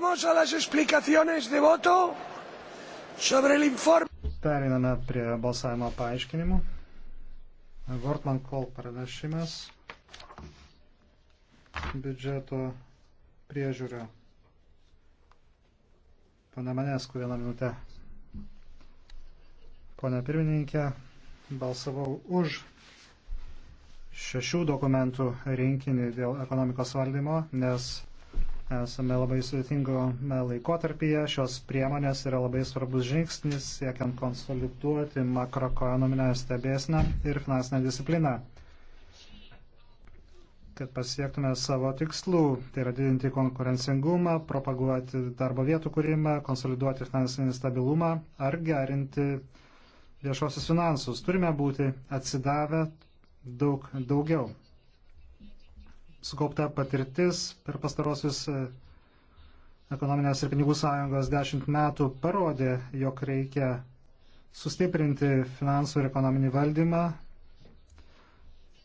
Pasamos a las explicaciones de voto sobre el informe. Pereiname prie balsavimo paaiškinimų. Vortman Kol pranešimas. Biudžeto priežiūrio. Pane Manesku, vieną minutę. Pone pirmininkė, balsavau už šešių dokumentų rinkinį dėl ekonomikos valdymo, nes Esame labai sudėtingame laikotarpyje, šios priemonės yra labai svarbus žingsnis siekiant konsoliduoti makroekonominę stebėsną ir finansinę discipliną, kad pasiektume savo tikslų, tai yra didinti konkurencingumą, propaguoti darbo vietų kūrimą, konsoliduoti finansinį stabilumą ar gerinti viešosius finansus. Turime būti atsidavę daug daugiau sukaupta patirtis per pastarosius e, ekonominės ir pinigų sąjungos dešimt metų parodė, jog reikia sustiprinti finansų ir ekonominį valdymą,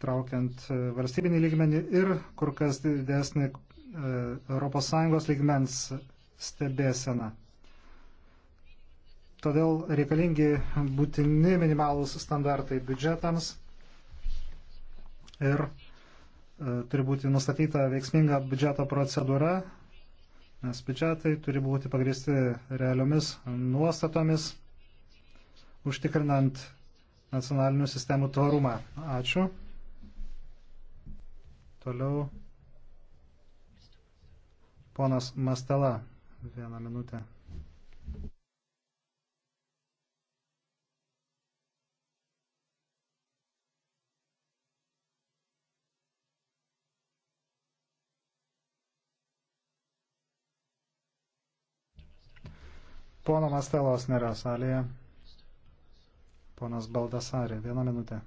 traukiant e, valstybinį lygmenį ir kur kas didesnį ES lygmens stebėseną. Todėl reikalingi būtini minimalūs standartai biudžetams ir E, turi būti nustatyta veiksminga biudžeto procedūra, nes biudžetai turi būti pagristi realiomis nuostatomis, užtikrinant nacionalinių sistemų tvarumą. Ačiū. Toliau ponas Mastela. Vieną minutę. Pono Mastelos nėra salėje. Ponas Baldasarė, vieną minutę.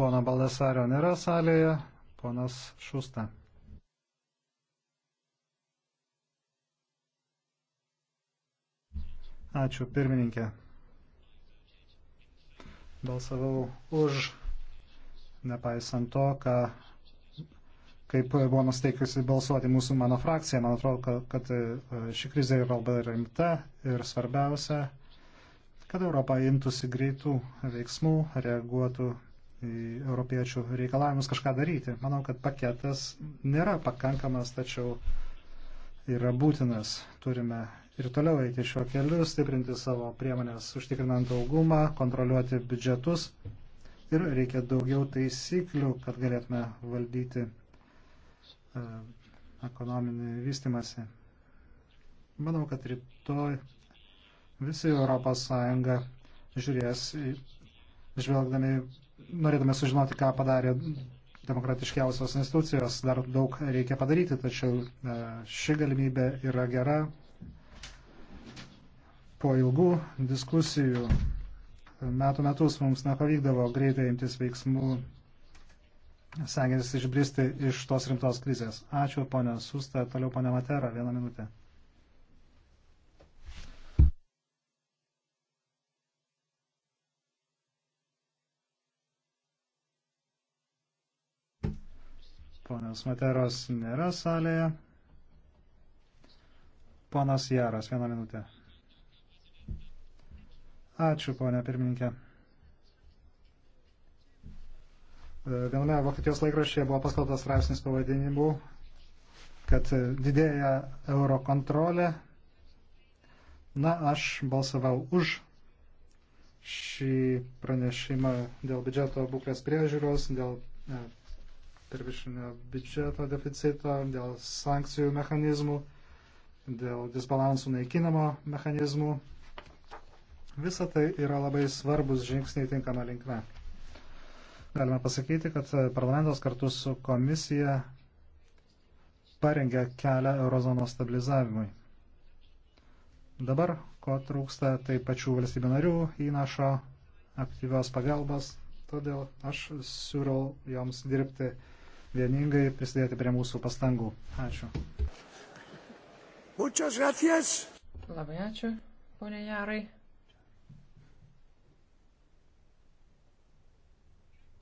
Pono Baldasario nėra salėje, ponas Šusta. Ačiū, pirmininkė. Balsavau už, nepaisant to, ką, kaip buvo nusteikusi balsuoti mūsų mano frakcija. Man atrodo, kad, kad e, ši krizė yra labai rimta ir svarbiausia, kad Europa imtųsi greitų veiksmų, reaguotų į europiečių reikalavimus kažką daryti. Manau, kad paketas nėra pakankamas, tačiau yra būtinas. Turime ir toliau eiti šiuo keliu, stiprinti savo priemonės, užtikrinant augumą, kontroliuoti biudžetus ir reikia daugiau taisyklių, kad galėtume valdyti e, ekonominį vystimąsi. Manau, kad rytoj visi Europos Sąjunga žiūrės, žvelgdami, norėdami sužinoti, ką padarė demokratiškiausios institucijos. Dar daug reikia padaryti, tačiau e, ši galimybė yra gera, po ilgų diskusijų metų metus mums nepavykdavo greitai imtis veiksmų, stengiantis išbristi iš tos rimtos krizės. Ačiū, ponė Susta, toliau ponė Matera, vieną minutę. Ponios Materos nėra salėje. Ponas Jaras, vieną minutę. Ačiū, ponia pirmininkė. E, viename Vokietijos laikraščiai buvo paskaltas straipsnis pavadinimu, kad didėja euro kontrolė. Na, aš balsavau už šį pranešimą dėl biudžeto būklės priežiūros, dėl e, pervišinio biudžeto deficito, dėl sankcijų mechanizmų, dėl disbalansų naikinamo mechanizmų Visa tai yra labai svarbus žingsniai tinkama linkme. Galime pasakyti, kad parlamentas kartu su komisija parengė kelią eurozonos stabilizavimui. Dabar, ko trūksta, tai pačių valstybių narių įnašo aktyvios pagalbos, todėl aš siūlau joms dirbti vieningai, prisidėti prie mūsų pastangų. Ačiū. Muchas gracias. Labai ačiū, ponė Jarai.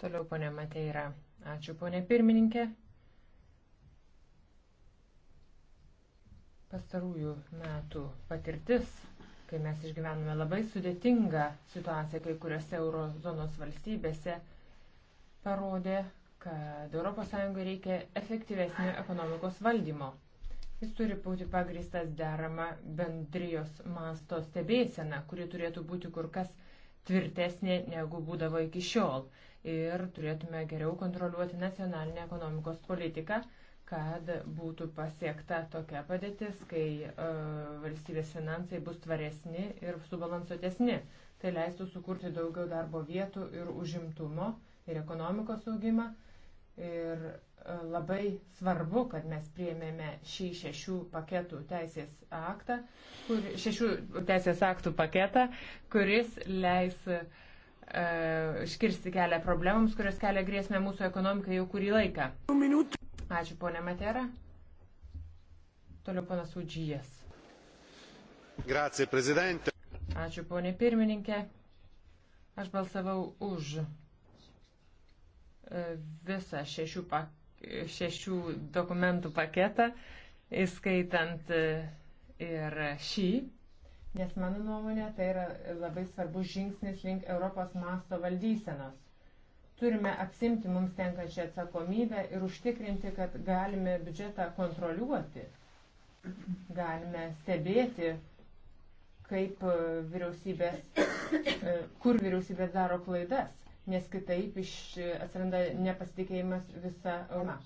Toliau ponė Mateira. Ačiū ponė pirmininkė. Pastarųjų metų patirtis, kai mes išgyvename labai sudėtingą situaciją kai kuriuose eurozonos valstybėse, parodė, kad ES reikia efektyvesnio ekonomikos valdymo. Jis turi būti pagristas derama bendrijos masto stebėsena, kuri turėtų būti kur kas tvirtesnė negu būdavo iki šiol. Ir turėtume geriau kontroliuoti nacionalinę ekonomikos politiką, kad būtų pasiekta tokia padėtis, kai e, valstybės finansai bus tvaresni ir subalansuotesni. Tai leistų sukurti daugiau darbo vietų ir užimtumo ir ekonomikos augimą. Ir e, labai svarbu, kad mes prieimėme šį šešių paketų teisės aktą, kur, šešių teisės aktų paketą, kuris leis uh, iškirsti kelią problemams, kurios kelia grėsmę mūsų ekonomikai jau kurį laiką. Ačiū, ponė Matera. Toliau panas Udžijas. Grazie, prezidentė. Ačiū, ponė pirmininkė. Aš balsavau už visą šešių, pak, šešių dokumentų paketą, įskaitant e, ir šį, nes mano nuomonė tai yra labai svarbus žingsnis link Europos masto valdysenos. Turime apsimti mums tenkančią atsakomybę ir užtikrinti, kad galime biudžetą kontroliuoti, galime stebėti, kaip e, vyriausybės, e, kur vyriausybės daro klaidas nes kitaip iš, atsiranda nepasitikėjimas visa Europa.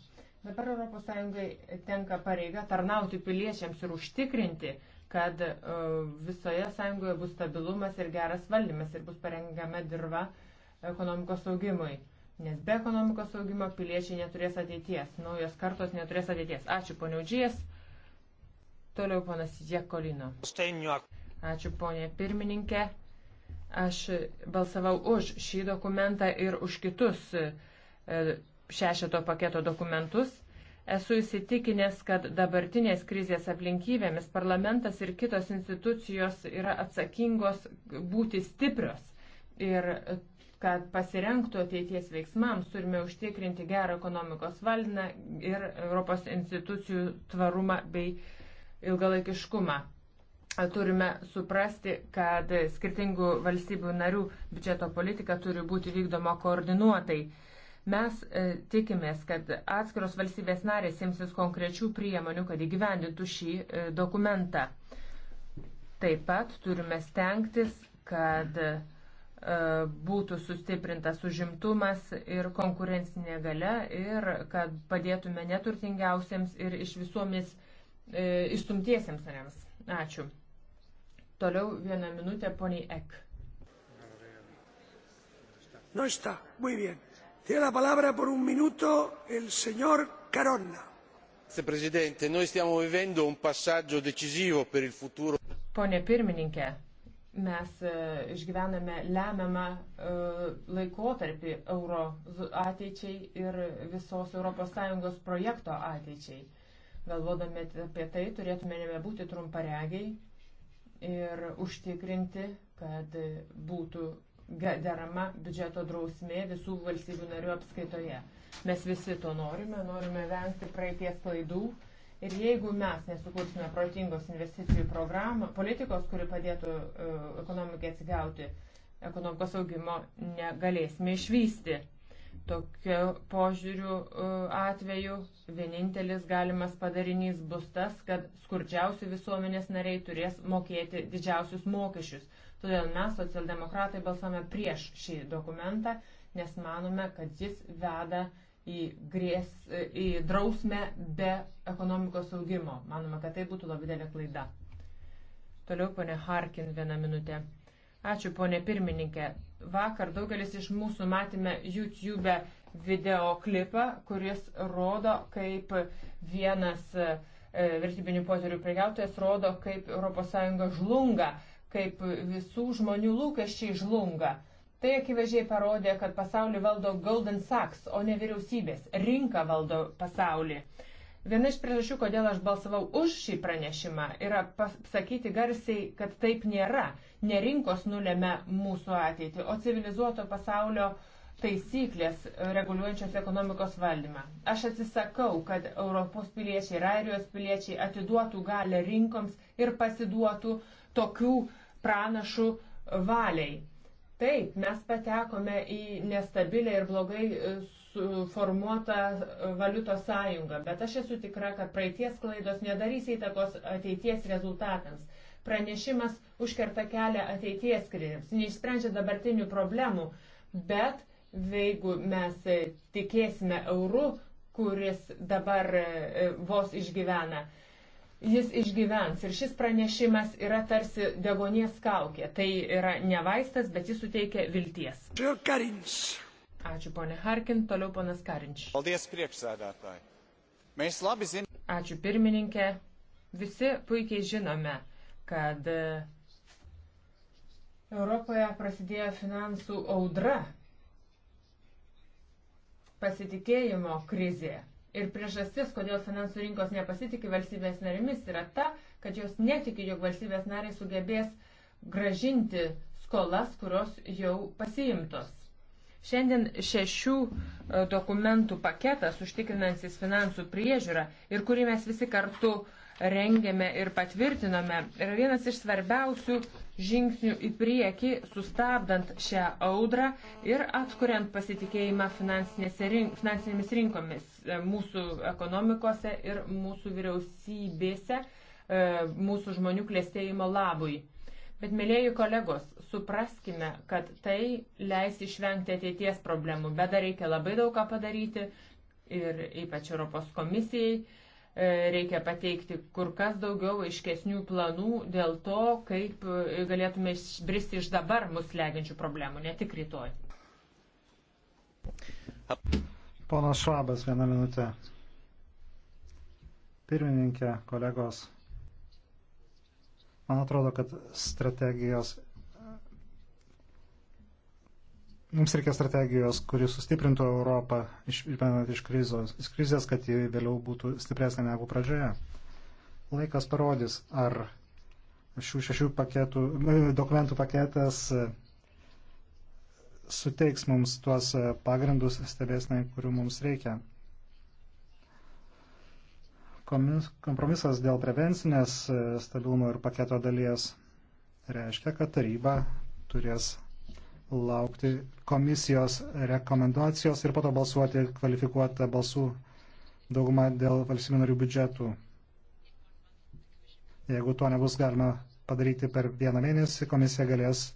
Dabar ES tenka pareiga tarnauti piliečiams ir užtikrinti, kad e, visoje sąjungoje bus stabilumas ir geras valdymas ir bus parengama dirba ekonomikos augimui. Nes be ekonomikos augimo piliečiai neturės ateities, naujos kartos neturės ateities. Ačiū poniaudžijas. Toliau ponas Jekolino. Ačiū ponė pirmininkė. Aš balsavau už šį dokumentą ir už kitus e, šešeto paketo dokumentus. Esu įsitikinęs, kad dabartinės krizės aplinkybėmis parlamentas ir kitos institucijos yra atsakingos būti stiprios ir kad pasirenktų ateities veiksmams, turime užtikrinti gerą ekonomikos valdymą ir Europos institucijų tvarumą bei ilgalaikiškumą turime suprasti, kad skirtingų valstybių narių biudžeto politika turi būti vykdoma koordinuotai. Mes e, tikimės, kad atskiros valstybės narės imsis konkrečių priemonių, kad įgyvendintų šį e, dokumentą. Taip pat turime stengtis, kad e, būtų sustiprintas užimtumas ir konkurencinė gale ir kad padėtume neturtingiausiems ir iš visuomis e, išstumtiesiems nariams. Ačiū. Toliau vieną minutę poniai Ek. No está. Muy bien. Tiene la palabra por un minuto el señor Caronna. Signor Presidente, noi stiamo vivendo un passaggio decisivo per il futuro. Pone pirmininkė, mes e, išgyvename lemiamą e, laikotarpį euro ateičiai ir visos ES projekto ateičiai. Galvodami apie tai, turėtume nebūti trumparegiai ir užtikrinti, kad būtų derama biudžeto drausmė visų valstybių narių apskaitoje. Mes visi to norime, norime vengti praeities klaidų. Ir jeigu mes nesukursime protingos investicijų programą, politikos, kuri padėtų uh, ekonomikai atsigauti, ekonomikos augimo negalėsime išvysti. Tokiu požiūriu e, atveju vienintelis galimas padarinys bus tas, kad skurdžiausi visuomenės nariai turės mokėti didžiausius mokesčius. Todėl mes, socialdemokratai, balsame prieš šį dokumentą, nes manome, kad jis veda į, grės, į drausmę be ekonomikos augimo. Manome, kad tai būtų labai didelė klaida. Toliau, ponė Harkin, vieną minutę. Ačiū, ponė pirmininkė. Vakar daugelis iš mūsų matėme YouTube videoklipą, kuris rodo, kaip vienas e, vertybinių poterių prekiautojas rodo, kaip ES žlunga, kaip visų žmonių lūkesčiai žlunga. Tai akivaizdžiai parodė, kad pasaulį valdo Golden Sachs, o ne vyriausybės. Rinka valdo pasaulį. Uh, Viena iš priežasčių, kodėl aš balsavau už šį pranešimą, yra pasakyti garsiai, kad taip nėra. Ne rinkos nulėmė mūsų ateitį, o civilizuoto pasaulio taisyklės reguliuojančios ekonomikos valdymą. Aš atsisakau, kad Europos piliečiai ir Airijos piliečiai atiduotų galę rinkoms ir pasiduotų tokių pranašų valiai. Taip, mes patekome į nestabilę ir blogai e, suformuota e, valiutos sąjunga, bet aš esu tikra, kad praeities klaidos nedarys įtakos ateities rezultatams. Pranešimas užkerta kelią ateities krizėms, neišsprendžia dabartinių problemų, bet jeigu mes e, tikėsime eurų, kuris dabar e, vos išgyvena, jis išgyvens. Ir šis pranešimas yra tarsi degonies kaukė. Tai yra ne vaistas, bet jis suteikia vilties. Karins. Ačiū, ponė Harkin. Toliau ponas Karinč. Paldies priekšsėdėtojai. Mes labai žinome. Ačiū pirmininkė. Visi puikiai žinome, kad e, Europoje prasidėjo finansų audra, pasitikėjimo krizė. Ir priežastis, kodėl finansų rinkos nepasitikė valstybės narimis, yra ta, kad jos netiki, jog valstybės nariai sugebės gražinti skolas, kurios jau pasiimtos. Šiandien šešių e, dokumentų paketas užtikrinantis finansų priežiūrą ir kurį mes visi kartu rengėme ir patvirtinome, yra vienas iš svarbiausių žingsnių į priekį, sustabdant šią audrą ir atkuriant pasitikėjimą rink, finansinėmis rinkomis e, mūsų ekonomikose ir mūsų vyriausybėse, e, mūsų žmonių klėstėjimo labui. Bet, mėlėjai kolegos, supraskime, kad tai leis išvengti ateities problemų, bet dar reikia labai daug ką padaryti ir ypač Europos komisijai e, reikia pateikti kur kas daugiau aiškesnių planų dėl to, kaip e, galėtume bristi iš dabar mus legiančių problemų, ne tik rytoj. Ponas Švabas, vieną minutę. Pirmininkė, kolegos. Man atrodo, kad strategijos. Mums reikia strategijos, kuri sustiprintų Europą išpenant iš, krizos, iš krizės, kad ji vėliau būtų stipresnė negu pradžioje. Laikas parodys, ar šių šešių paketų, e, dokumentų paketas e, suteiks mums tuos e, pagrindus stebėsnai, kurių mums reikia. Kompromisas dėl prevencinės e, stabilumo ir paketo dalies reiškia, kad taryba turės laukti komisijos rekomendacijos ir po to balsuoti kvalifikuotą balsų daugumą dėl valstybių narių biudžetų. Jeigu to nebus galima padaryti per vieną mėnesį, komisija galės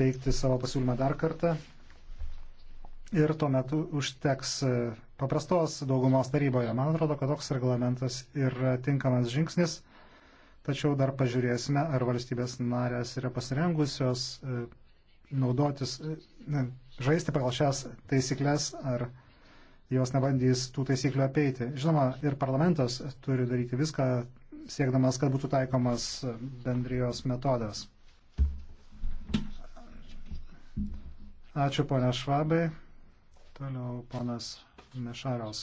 teikti savo pasiūlymą dar kartą ir tuomet užteks paprastos daugumos taryboje. Man atrodo, kad toks reglamentas yra tinkamas žingsnis, tačiau dar pažiūrėsime, ar valstybės narės yra pasirengusios e, naudotis, e, ne, žaisti pagal šias taisyklės, ar jos nebandys tų taisyklių apeiti. Žinoma, ir parlamentas turi daryti viską, siekdamas, kad būtų taikomas bendrijos metodas. Ačiū ponia Švabai. Toliau ponas Mešaros.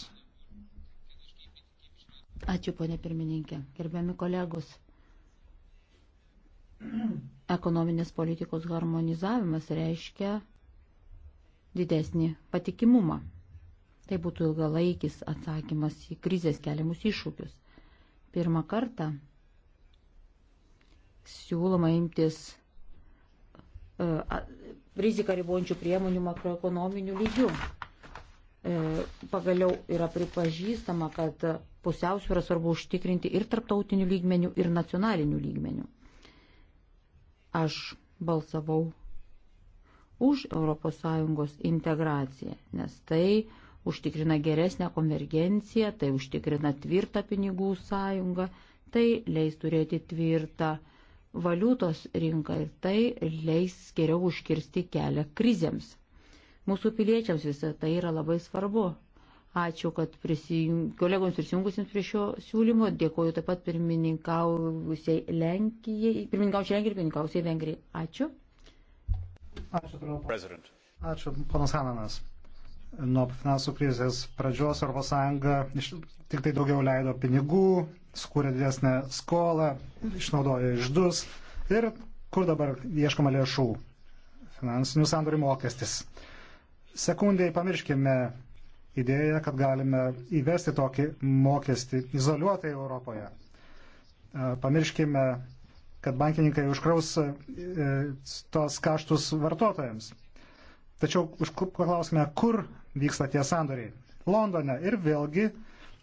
Ačiū, ponė pirmininkė. Gerbiami kolegos. Ekonominės politikos harmonizavimas reiškia didesnį patikimumą. Tai būtų ilgalaikis atsakymas į krizės keliamus iššūkius. Pirmą kartą siūloma imtis uh, riziką ribončių priemonių makroekonominių lygių. E, pagaliau yra pripažįstama, kad pusiausvyrą svarbu užtikrinti ir tarptautinių lygmenių, ir nacionalinių lygmenių. Aš balsavau už ES integraciją, nes tai užtikrina geresnę konvergenciją, tai užtikrina tvirtą pinigų sąjungą, tai leis turėti tvirtą valiutos rinką ir tai leis geriau užkirsti kelią krizėms. Mūsų piliečiams visą tai yra labai svarbu. Ačiū, kad prisijung... kolegoms prisijungusiems prie šio siūlymo. Dėkoju taip pat pirmininkausiai Lenkijai, pirmininkausiai Lenkijai ir pirmininkausiai Vengrijai. Ačiū. Ačiū, toliau. Ačiū, ponas Hananas. Nuo finansų krizės pradžios ES tik tai daugiau leido pinigų, skūrė didesnę skolą, išnaudojo išdus ir kur dabar ieškoma lėšų? Finansinių sandorių mokestis. Sekundai pamirškime idėją, kad galime įvesti tokį mokestį izoliuotai Europoje. Pamirškime, kad bankininkai užkraus e, tos kaštus vartotojams. Tačiau paklauskime, kur vyksta tie sandoriai. Londone ir vėlgi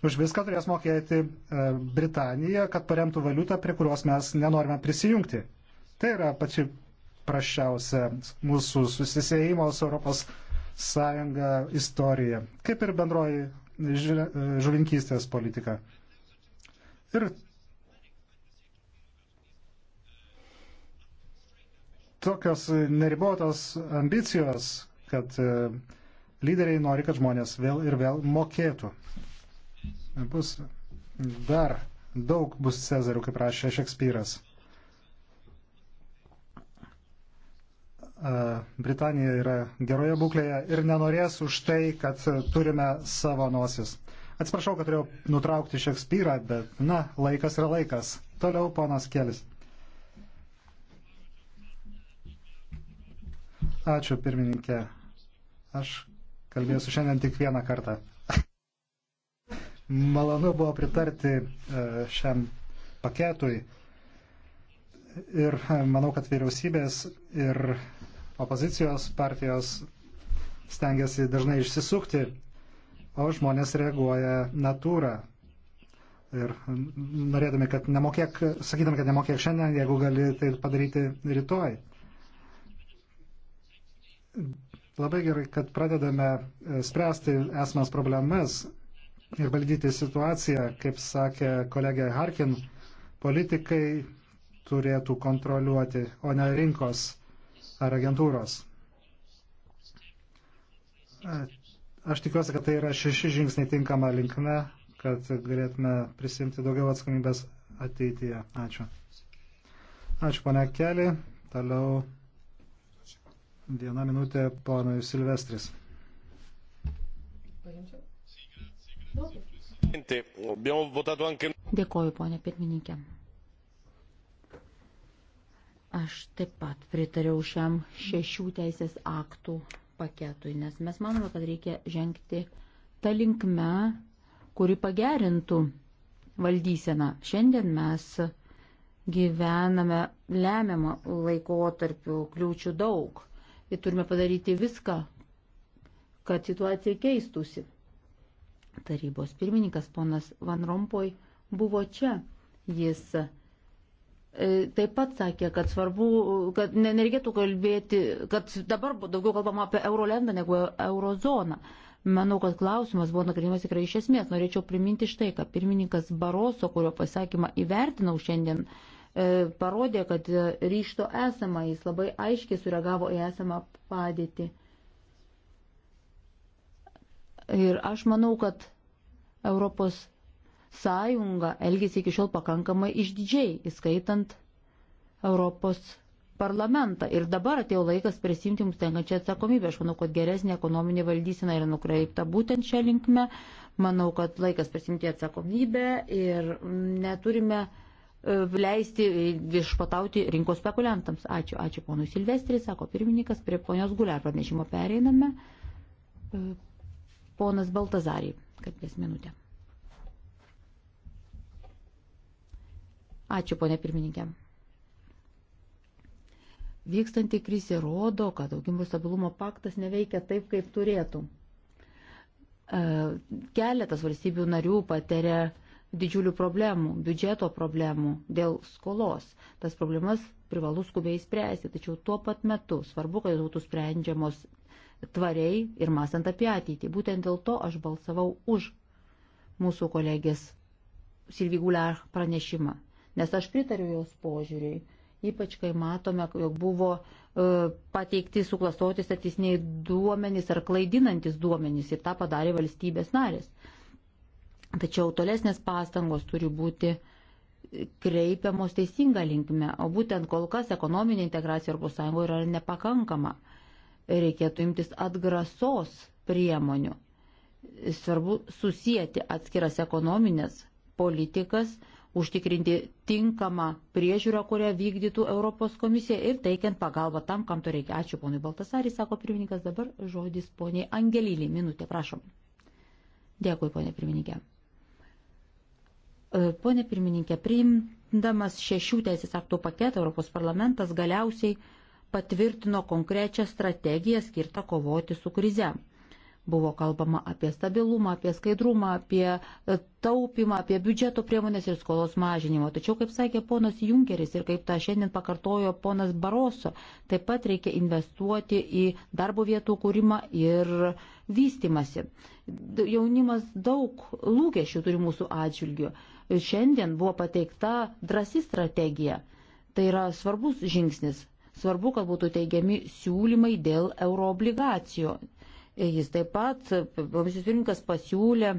už viską turės mokėti e, Britanija, kad paremtų valiutą, prie kurios mes nenorime prisijungti. Tai yra pači praščiausia mūsų susisėjimo su Europos sąjunga istorija, kaip ir bendroji žuvinkystės politika. Ir tokios neribotos ambicijos, kad e, lyderiai nori, kad žmonės vėl ir vėl mokėtų. Bus dar daug bus Cezarių, kaip rašė Šekspyras. Britanija yra geroje būklėje ir nenorės už tai, kad turime savo nosis. Atsiprašau, kad turėjau nutraukti Šekspyrą, bet, na, laikas yra laikas. Toliau ponas Kelis. Ačiū, pirmininkė. Aš kalbėsiu šiandien tik vieną kartą. Malonu buvo pritarti e, šiam paketui ir e, manau, kad vyriausybės ir Opozicijos partijos stengiasi dažnai išsisukti, o žmonės reaguoja natūrą. Ir norėdami, kad nemokėk, sakydami, kad nemokėk šiandien, jeigu gali tai padaryti rytoj. Labai gerai, kad pradedame e, spręsti esmas problemas ir valdyti situaciją, kaip sakė kolegė Harkin, politikai turėtų kontroliuoti, o ne rinkos ar agentūros. Aš tikiuosi, kad tai yra šeši žingsniai tinkama linkme, kad galėtume prisimti daugiau atsakomybės ateityje. Ačiū. Ačiū, pane Keli. Toliau viena minutė ponui Silvestris. Dėkoju, ponė pirmininkė. Aš taip pat pritariau šiam šešių teisės aktų paketui, nes mes manome, kad reikia žengti tą linkmę, kuri pagerintų valdyseną. Šiandien mes gyvename lemiamą laikotarpių, kliūčių daug ir turime padaryti viską, kad situacija keistusi. Tarybos pirmininkas ponas Van Rompoj buvo čia. Jis E, taip pat sakė, kad svarbu, kad nereikėtų kalbėti, kad dabar daugiau kalbama apie Eurolendą negu Eurozoną. Manau, kad klausimas buvo nagrinimas tikrai iš esmės. Norėčiau priminti štai, kad pirmininkas Baroso, kurio pasakymą įvertinau šiandien, e, parodė, kad ryšto esama, jis labai aiškiai sureagavo į esamą padėtį. Ir aš manau, kad Europos sąjunga elgėsi iki šiol pakankamai išdidžiai, įskaitant Europos parlamentą. Ir dabar atėjo laikas prisimti mums tenkančią atsakomybę. Aš manau, kad geresnė ekonominė valdysena yra nukreipta būtent šią linkmę. Manau, kad laikas prisimti atsakomybę ir neturime e, leisti viešpatauti rinkos spekuliantams. Ačiū, ačiū ponui Silvestrį, sako pirmininkas, prie ponios Guliar pranešimo pereiname. E, ponas Baltazarį, kalbės minutę. Ačiū, ponė pirmininkė. Vykstanti krizė rodo, kad augimų stabilumo paktas neveikia taip, kaip turėtų. E, keletas valstybių narių patiria didžiulių problemų, biudžeto problemų dėl skolos. Tas problemas privalu skubiai spręsti, tačiau tuo pat metu svarbu, kad jos būtų sprendžiamos tvariai ir mąstant apie ateitį. Būtent dėl to aš balsavau už mūsų kolegės Silvigulę pranešimą nes aš pritariu jos požiūriui, ypač kai matome, jog buvo e, pateikti suklastoti statistiniai duomenys ar klaidinantis duomenys ir tą padarė valstybės narės. Tačiau tolesnės pastangos turi būti kreipiamos teisinga linkme, o būtent kol kas ekonominė integracija ES yra nepakankama. Reikėtų imtis atgrasos priemonių. Svarbu susijęti atskiras ekonominės politikas užtikrinti tinkamą priežiūrą, kurią vykdytų Europos komisija ir teikiant pagalbą tam, kam to reikia. Ačiū ponui Baltasarį, sako pirmininkas, dabar žodis poniai Angelylį. Minutė, prašom. Dėkui, ponė pirmininkė. E, Pone pirmininkė, priimdamas šešių teisės aktų paketą, Europos parlamentas galiausiai patvirtino konkrečią strategiją skirtą kovoti su krize. Buvo kalbama apie stabilumą, apie skaidrumą, apie e, taupimą, apie biudžeto priemonės ir skolos mažinimo. Tačiau, kaip sakė ponas Junkeris ir kaip tą šiandien pakartojo ponas Baroso, taip pat reikia investuoti į darbo vietų kūrimą ir vystimasi. Jaunimas daug lūkesčių turi mūsų atžvilgių. Šiandien buvo pateikta drasi strategija. Tai yra svarbus žingsnis. Svarbu, kad būtų teigiami siūlymai dėl euroobligacijų. Jis taip pat, komisijos pirmininkas pasiūlė e,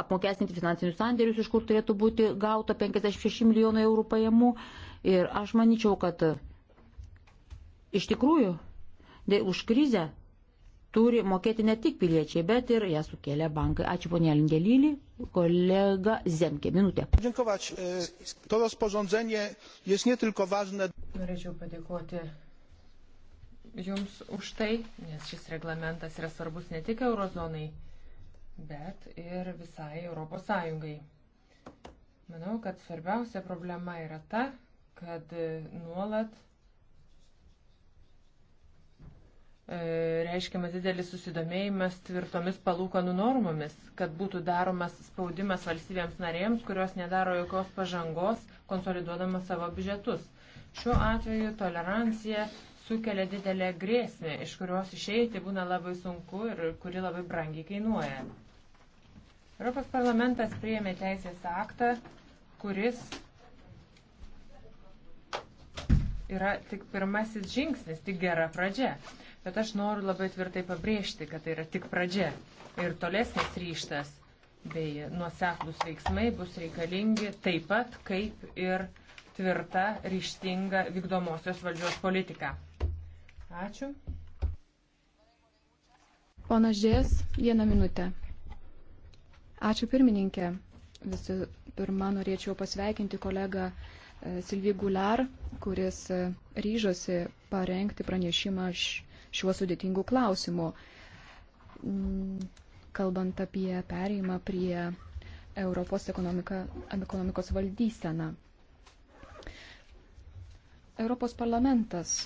apmokestinti finansinius sandėrius, iš kur turėtų būti gauta 56 milijonai eurų pajamų. Ir aš manyčiau, kad iš tikrųjų už krizę turi mokėti ne tik piliečiai, bet ir ją sukėlė bankai. Ačiū ponė Lingelyli, kolega Zemke, minutė. Dziękować. E, to rozporządzenie jest nie tylko ważne. Norėčiau padėkoti Jums už tai, nes šis reglamentas yra svarbus ne tik eurozonai, bet ir visai Europos Sąjungai. Manau, kad svarbiausia problema yra ta, kad e, nuolat e, reiškiamas didelis susidomėjimas tvirtomis palūkanų normomis, kad būtų daromas spaudimas valstybėms narėms, kurios nedaro jokios pažangos, konsoliduodama savo biudžetus. Šiuo atveju tolerancija sukelia didelę grėsmę, iš kurios išeiti būna labai sunku ir kuri labai brangiai kainuoja. Europos parlamentas priėmė teisės aktą, kuris yra tik pirmasis žingsnis, tik gera pradžia. Bet aš noriu labai tvirtai pabrėžti, kad tai yra tik pradžia. Ir tolesnis ryštas bei nuoseklus veiksmai bus reikalingi taip pat kaip ir tvirta, ryštinga vykdomosios valdžios politika. Ačiū. Pana Žės, vieną minutę. Ačiū pirmininkė. Visų pirma, norėčiau pasveikinti kolegą e, Silvi Gular, kuris e, ryžosi parengti pranešimą šiuo sudėtingu klausimu. Mm, kalbant apie pereimą prie Europos ekonomikos valdyseną. Europos parlamentas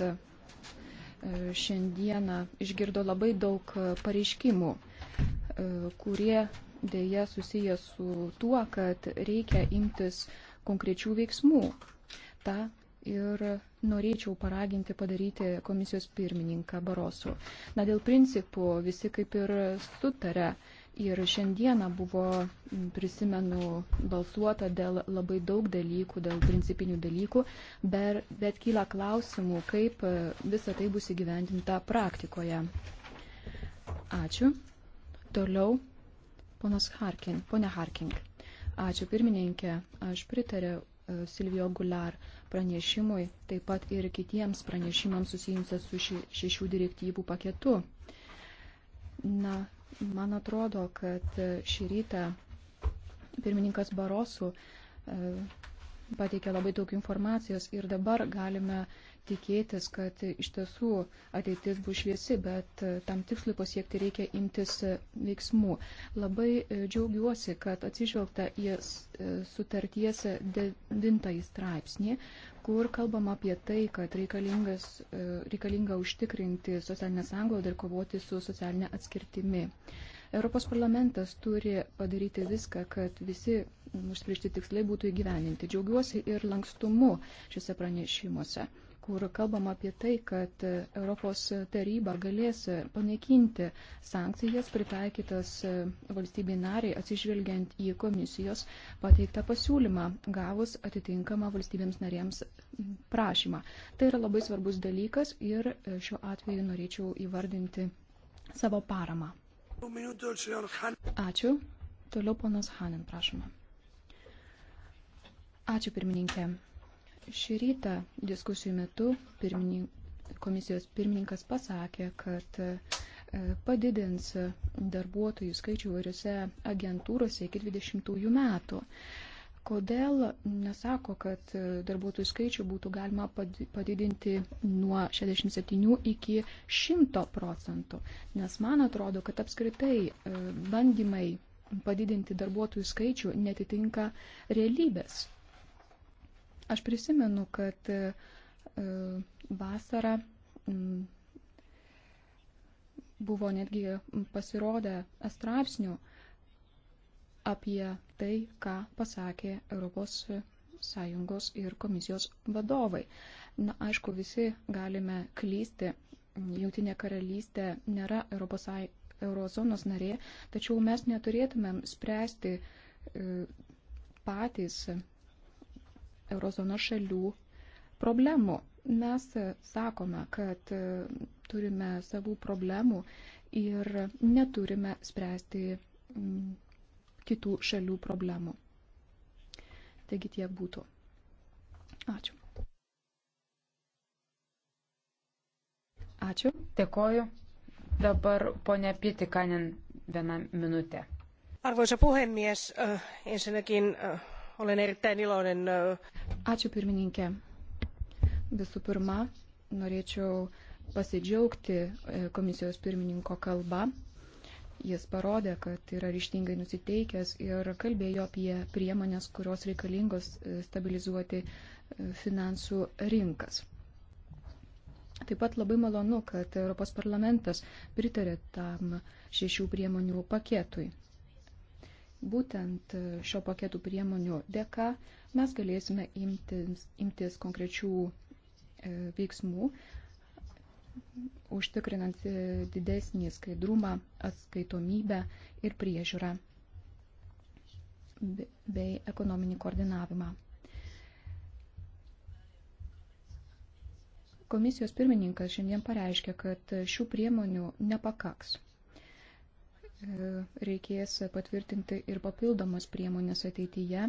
šiandieną išgirdo labai daug e, pareiškimų, e, kurie dėja susijęs su tuo, kad reikia imtis konkrečių veiksmų. Ta ir norėčiau paraginti padaryti komisijos pirmininką Barosu. Na, dėl principų visi kaip ir sutarė Ir šiandieną buvo, prisimenu, balsuota dėl labai daug dalykų, dėl principinių dalykų, bet, bet kyla klausimų, kaip e, visa tai bus įgyvendinta praktikoje. Ačiū. Toliau, ponas Harkin, ponė Harking. Ačiū pirmininkė, aš pritariu e, Silvijo Gular pranešimui, taip pat ir kitiems pranešimams susijusiams su ši, šešių direktyvų paketu. Na, Man atrodo, kad šį rytą pirmininkas Barosų e, pateikė labai daug informacijos ir dabar galime tikėtis, kad iš tiesų ateitis bus šviesi, bet e, tam tikslui pasiekti reikia imtis e, veiksmų. Labai džiaugiuosi, kad atsižvelgta į sutarties devintąjį straipsnį, kur kalbama apie tai, kad e, reikalinga užtikrinti socialinę sąnglaudą ir kovoti su socialinė atskirtimi. Europos parlamentas turi padaryti viską, kad visi užspriežti tikslai būtų įgyveninti. Džiaugiuosi ir lankstumu šiuose pranešimuose kur kalbama apie tai, kad Europos taryba galės panaikinti sankcijas pritaikytas valstybei nariai atsižvelgiant į komisijos pateiktą pasiūlymą, gavus atitinkamą valstybėms narėms prašymą. Tai yra labai svarbus dalykas ir šiuo atveju norėčiau įvardinti savo paramą. Ačiū. Toliau ponas Hanin, prašoma. Ačiū pirmininkė. Šį rytą diskusijų metu pirmin, komisijos pirmininkas pasakė, kad e, padidins darbuotojų skaičių vairiose agentūrose iki 20 metų. Kodėl nesako, kad darbuotojų skaičių būtų galima padidinti nuo 67 iki 100 procentų? Nes man atrodo, kad apskritai e, bandymai padidinti darbuotojų skaičių netitinka realybės. Aš prisimenu, kad e, vasarą buvo netgi pasirodę straipsnių apie tai, ką pasakė Europos Sąjungos ir komisijos vadovai. Na, aišku, visi galime klysti. Jautinė karalystė nėra Europos eurozonos narė, tačiau mes neturėtumėm spręsti e, patys eurozono šalių problemų. Mes sakome, kad turime savų problemų ir neturime spręsti mm, kitų šalių problemų. Taigi tiek būtų. Ačiū. Ačiū. Dėkoju. Dabar ponia Pietikainen vieną minutę. Arvoisa puhemies, ensinnäkin Olen erittäin iloinen. Ačiū pirmininkė. Visų pirma, norėčiau pasidžiaugti e, komisijos pirmininko kalbą. Jis parodė, kad yra ryštingai nusiteikęs ir kalbėjo apie priemonės, kurios reikalingos e, stabilizuoti e, finansų rinkas. Taip pat labai malonu, kad Europos parlamentas pritarė tam šešių priemonių paketui. Būtent šio paketų priemonių dėka mes galėsime imtis, imtis konkrečių e, veiksmų, užtikrinant e, didesnį skaidrumą, atskaitomybę ir priežiūrą bei ekonominį koordinavimą. Komisijos pirmininkas šiandien pareiškia, kad šių priemonių nepakaks E, reikės patvirtinti ir papildomas priemonės ateityje,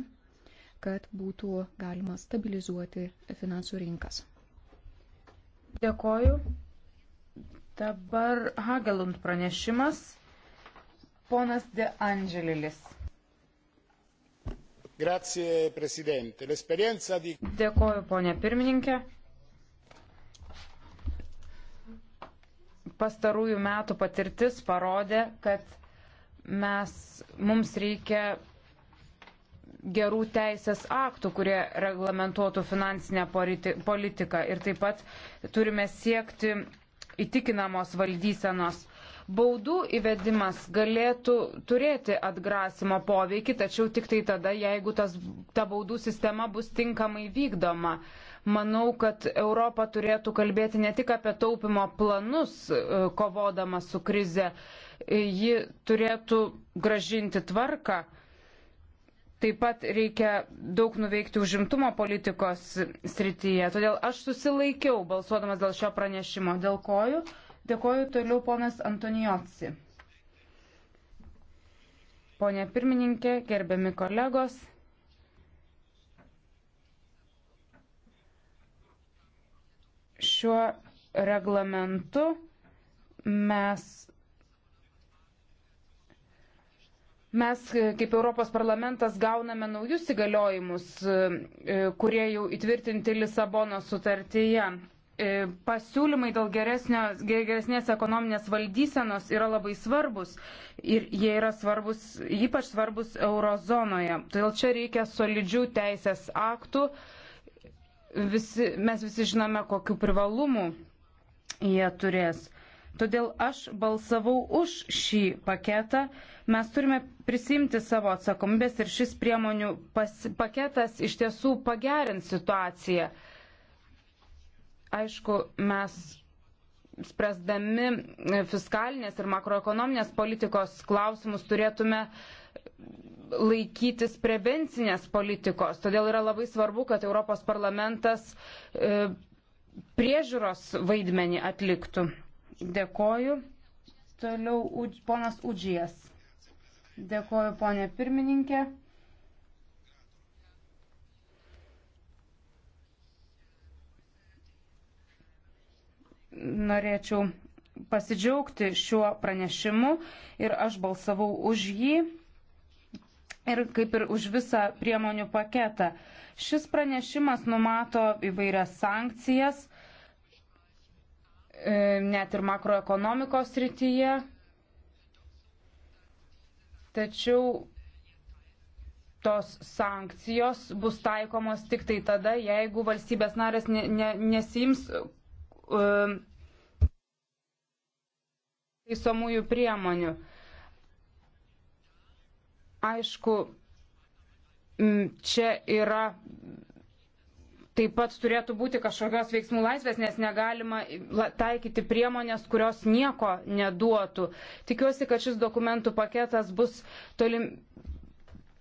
kad būtų galima stabilizuoti finansų rinkas. Dėkoju. Dabar Hagelund pranešimas. Ponas De Angelilis. Grazie, prezidente. L'esperienza di... Dėkoju, ponė pirmininkė. Pastarųjų metų patirtis parodė, kad mes, mums reikia gerų teisės aktų, kurie reglamentuotų finansinę politiką ir taip pat turime siekti įtikinamos valdysenos. Baudų įvedimas galėtų turėti atgrasimo poveikį, tačiau tik tai tada, jeigu tas, ta baudų sistema bus tinkamai vykdoma. Manau, kad Europa turėtų kalbėti ne tik apie taupimo planus, e, kovodama su krize, ji turėtų gražinti tvarką. Taip pat reikia daug nuveikti užimtumo politikos srityje. Todėl aš susilaikiau balsuodamas dėl šio pranešimo. Dėkoju. Dėkoju toliau ponas Antonijotsi. Pone pirmininkė, gerbiami kolegos. Šiuo reglamentu mes Mes e, kaip Europos parlamentas gauname naujus įgaliojimus, e, e, kurie jau įtvirtinti Lisabono sutartyje. Pasiūlymai dėl geresnės ekonominės valdysenos yra labai svarbus ir jie yra svarbus, ypač svarbus eurozonoje. Todėl čia reikia solidžių teisės aktų. Visi, mes visi žinome, kokiu privalumu jie turės. Todėl aš balsavau už šį paketą. Mes turime prisimti savo atsakomybės ir šis priemonių pas, paketas iš tiesų pagerins situaciją. Aišku, mes spręsdami fiskalinės ir makroekonominės politikos klausimus turėtume laikytis prevencinės politikos. Todėl yra labai svarbu, kad Europos parlamentas e, priežiūros vaidmenį atliktų. Dėkoju. Toliau ponas Udžijas. Dėkoju, ponė pirmininkė. Norėčiau pasidžiaugti šiuo pranešimu ir aš balsavau už jį ir kaip ir už visą priemonių paketą. Šis pranešimas numato įvairias sankcijas E, net ir makroekonomikos srityje. Tačiau tos sankcijos bus taikomos tik tai tada, jeigu valstybės narės ne, ne, nesims um, e, taisomųjų priemonių. Aišku, čia yra Taip pat turėtų būti kažkokios veiksmų laisvės, nes negalima taikyti priemonės, kurios nieko neduotų. Tikiuosi, kad šis dokumentų paketas bus tolim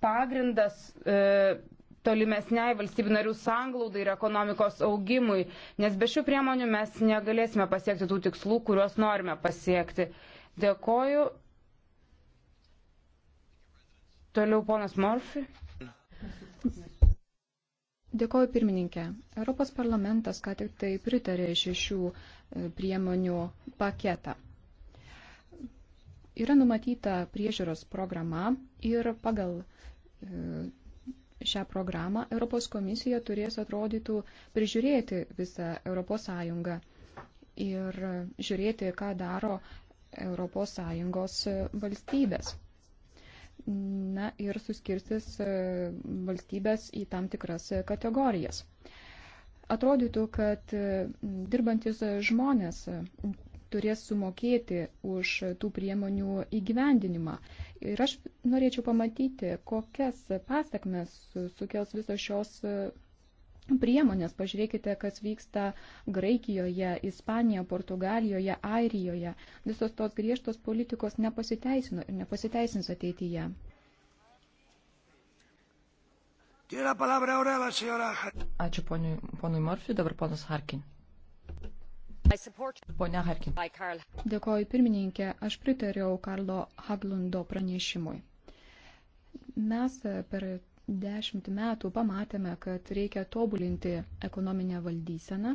pagrindas e, tolimesniai valstybių narių sanglaudai ir ekonomikos augimui, nes be šių priemonių mes negalėsime pasiekti tų tikslų, kuriuos norime pasiekti. Dėkoju. Toliau ponas Morfi. Dėkoju pirmininkė. Europos parlamentas ką tik tai pritarė šešių e, priemonių paketą. Yra numatyta priežiūros programa ir pagal e, šią programą Europos komisija turės atrodytų prižiūrėti visą Europos Sąjungą ir žiūrėti, ką daro Europos Sąjungos valstybės na, ir suskirstis e, valstybės į tam tikras kategorijas. Atrodytų, kad e, dirbantis žmonės e, turės sumokėti už tų priemonių įgyvendinimą. Ir aš norėčiau pamatyti, kokias pasakmes sukels visos šios priemonės. Pažiūrėkite, kas vyksta Graikijoje, Ispanijoje, Portugalijoje, Airijoje. Visos tos griežtos politikos nepasiteisino ir nepasiteisins ateityje. Ačiū ponui, ponui Murphy, dabar ponas Harkin. Pone Harkin. Dėkoju pirmininkė, aš pritariau Karlo Haglundo pranešimui. Mes per dešimt metų pamatėme, kad reikia tobulinti ekonominę valdyseną,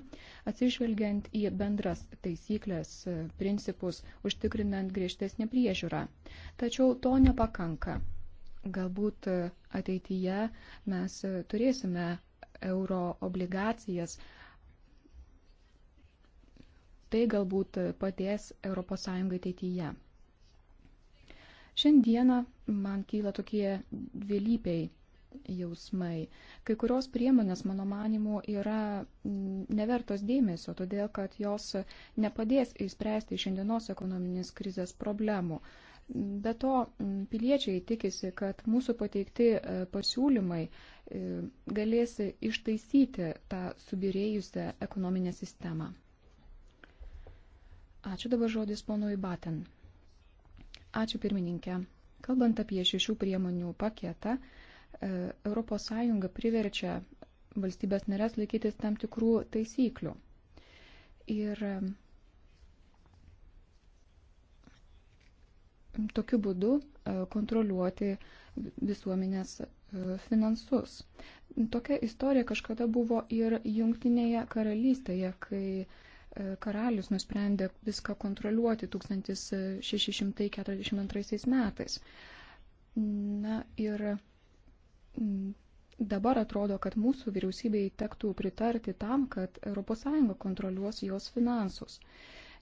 atsižvelgiant į bendras taisyklės, principus, užtikrinant griežtesnį priežiūrą. Tačiau to nepakanka. Galbūt ateityje mes turėsime euro obligacijas. Tai galbūt padės ES ateityje. Šiandieną man kyla tokie dvilypiai jausmai. Kai kurios priemonės, mano manimu, yra nevertos dėmesio, todėl kad jos nepadės įspręsti šiandienos ekonominės krizės problemų. Be to, piliečiai tikisi, kad mūsų pateikti e, pasiūlymai e, galės ištaisyti tą subirėjusią ekonominę sistemą. Ačiū dabar žodis ponui Baten. Ačiū pirmininkė. Kalbant apie šešių priemonių paketą, ES priverčia valstybės narės laikytis tam tikrų taisyklių. Ir e, tokiu būdu e, kontroliuoti visuomenės e, finansus. Tokia istorija kažkada buvo ir Junktinėje karalystėje, kai karalius nusprendė viską kontroliuoti 1642 metais. Na ir Dabar atrodo, kad mūsų vyriausybei tektų pritarti tam, kad ES kontroliuos jos finansus.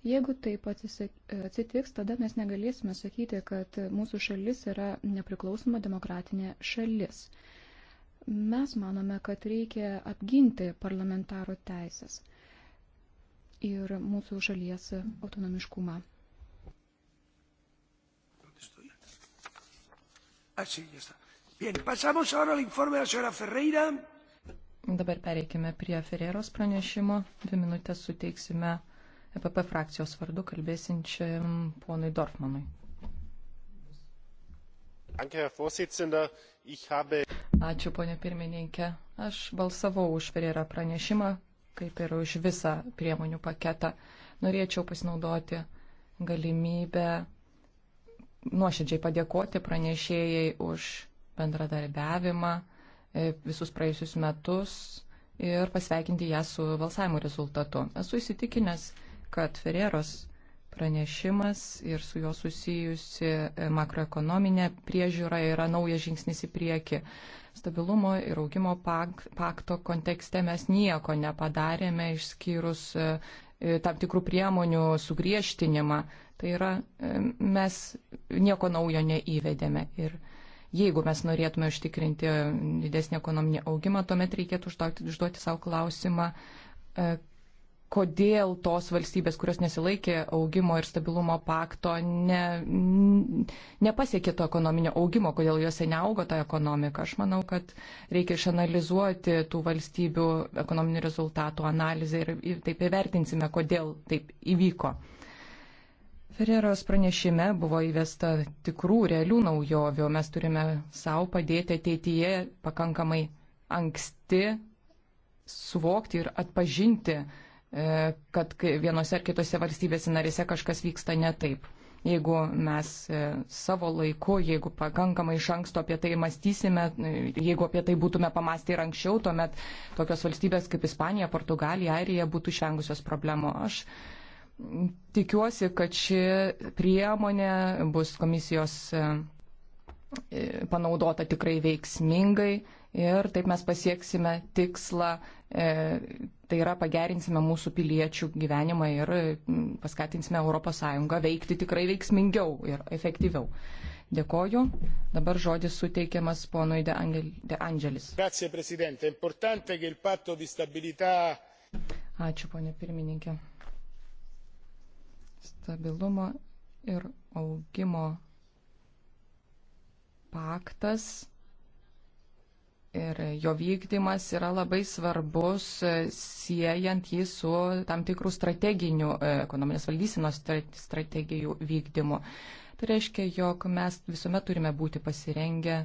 Jeigu taip atsitiks, tada mes negalėsime sakyti, kad mūsų šalis yra nepriklausoma demokratinė šalis. Mes manome, kad reikia apginti parlamentaro teisės ir mūsų šalies autonomiškumą. Ačiū, jėsta. Bien, pasamos ahora al informe de la señora Ferreira. Dabar pereikime prie Ferreiros pranešimo. Dvi minutės suteiksime EPP frakcijos vardu kalbėsinčiam ponui Dorfmanui. Ačiū, ponė pirmininkė. Aš balsavau už Ferreirą pranešimą, kaip ir už visą priemonių paketą. Norėčiau pasinaudoti galimybę nuoširdžiai padėkoti pranešėjai už bendradarbiavimą e, visus praėjusius metus ir pasveikinti ją su balsavimo rezultatu. Esu įsitikinęs, kad Ferreros pranešimas ir su juo susijusi e, makroekonominė priežiūra yra naujas žingsnis į priekį. Stabilumo ir augimo pakto kontekste mes nieko nepadarėme išskyrus e, tam tikrų priemonių sugriežtinimą. Tai yra, mes nieko naujo neįvedėme. Ir Jeigu mes norėtume užtikrinti didesnį ekonominį augimą, tuomet reikėtų užduoti, užduoti savo klausimą, e, kodėl tos valstybės, kurios nesilaikė augimo ir stabilumo pakto, ne, nepasiekė to ekonominio augimo, kodėl juose neaugo ta ekonomika. Aš manau, kad reikia išanalizuoti tų valstybių ekonominių rezultatų analizę ir taip įvertinsime, kodėl taip įvyko. Ferreros pranešime buvo įvesta tikrų, realių naujovių. Mes turime savo padėti ateityje pakankamai anksti suvokti ir atpažinti, e, kad vienose ar kitose valstybėse narėse kažkas vyksta ne taip. Jeigu mes e, savo laiku, jeigu pakankamai iš anksto apie tai mąstysime, e, jeigu apie tai būtume pamastę ir anksčiau, tuomet tokios valstybės kaip Ispanija, Portugalija, Airija būtų išvengusios problemų. Aš Tikiuosi, kad ši priemonė bus komisijos e, e, panaudota tikrai veiksmingai ir taip mes pasieksime tikslą, e, tai yra pagerinsime mūsų piliečių gyvenimą ir paskatinsime ES veikti tikrai veiksmingiau ir efektyviau. Dėkoju. Dabar žodis suteikiamas ponui De, Angel, De Angelis. Grazie, Ačiū, ponė pirmininkė stabilumo ir augimo paktas ir jo vykdymas yra labai svarbus, e, siejant jį su tam tikrų strateginių e, ekonominės valdysinos strategijų vykdymu. Tai reiškia, jog mes visuomet turime būti pasirengę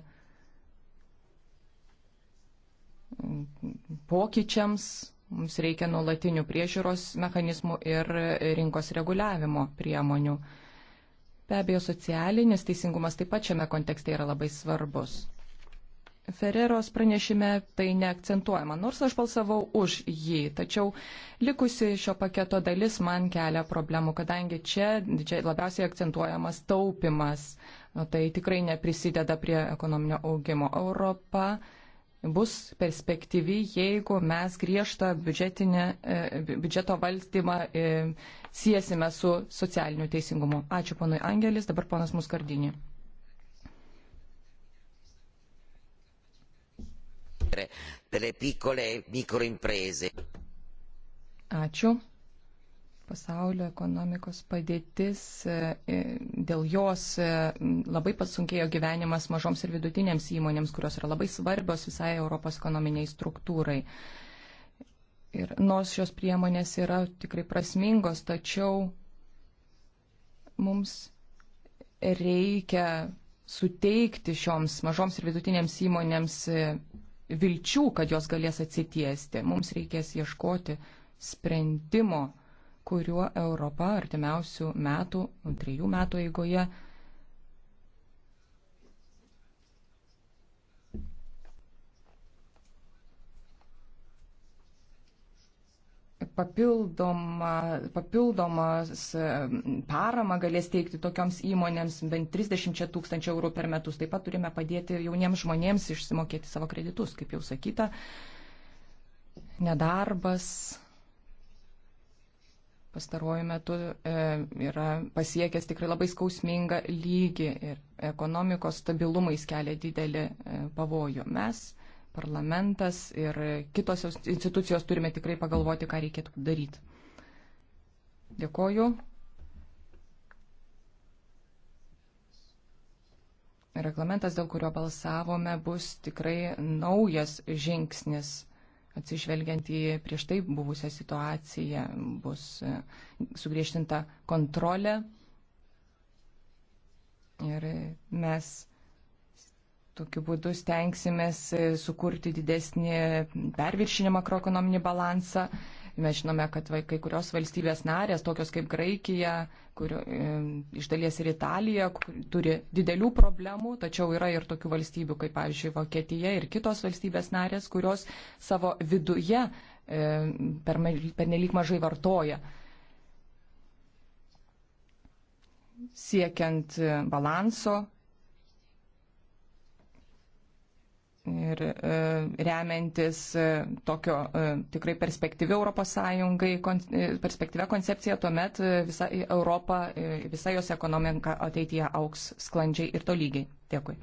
pokyčiams Mums reikia nuolatinių priežiūros mechanizmų ir rinkos reguliavimo priemonių. Be abejo, socialinis teisingumas taip pat šiame kontekste yra labai svarbus. Ferreros pranešime tai neakcentuojama, nors aš balsavau už jį, tačiau likusi šio paketo dalis man kelia problemų, kadangi čia, čia labiausiai akcentuojamas taupimas, o tai tikrai neprisideda prie ekonominio augimo. Europa bus perspektyvi, jeigu mes griežtą e, biudžeto valdymą e, siesime su socialiniu teisingumu. Ačiū ponui Angelis, dabar ponas Muskardinį. E Ačiū pasaulio ekonomikos padėtis, e, e, dėl jos e, labai pasunkėjo gyvenimas mažoms ir vidutinėms įmonėms, kurios yra labai svarbios visai Europos ekonominiai struktūrai. Ir nors šios priemonės yra tikrai prasmingos, tačiau mums reikia suteikti šioms mažoms ir vidutinėms įmonėms vilčių, kad jos galės atsitiesti. Mums reikės ieškoti sprendimo kuriuo Europa artimiausių metų, trijų metų eigoje papildoma, papildomas parama galės teikti tokioms įmonėms bent 30 tūkstančių eurų per metus. Taip pat turime padėti jauniems žmonėms išsimokėti savo kreditus, kaip jau sakyta. Nedarbas, pastaruoju metu e, yra pasiekęs tikrai labai skausmingą lygį ir ekonomikos stabilumai kelia didelį e, pavojų. Mes, parlamentas ir kitos institucijos turime tikrai pagalvoti, ką reikėtų daryti. Dėkoju. Reglamentas, dėl kurio balsavome, bus tikrai naujas žingsnis atsižvelgiant į prieš tai buvusią situaciją, bus e, sugriežtinta kontrolė. Ir mes tokiu būdu stengsimės e, sukurti didesnį perviršinį makroekonominį balansą Mes žinome, kad kai kurios valstybės narės, tokios kaip Graikija, kur, iš dalies ir Italija, turi didelių problemų, tačiau yra ir tokių valstybių, kaip, pavyzdžiui, Vokietija ir kitos valstybės narės, kurios savo viduje per, per nelik mažai vartoja. Siekiant balanso ir e, remiantis e, tokio e, tikrai perspektyvią Europos Sąjungai, perspektyvę koncepciją, tuomet visa Europa, visa jos ekonomika ateityje auks sklandžiai ir tolygiai. Dėkui.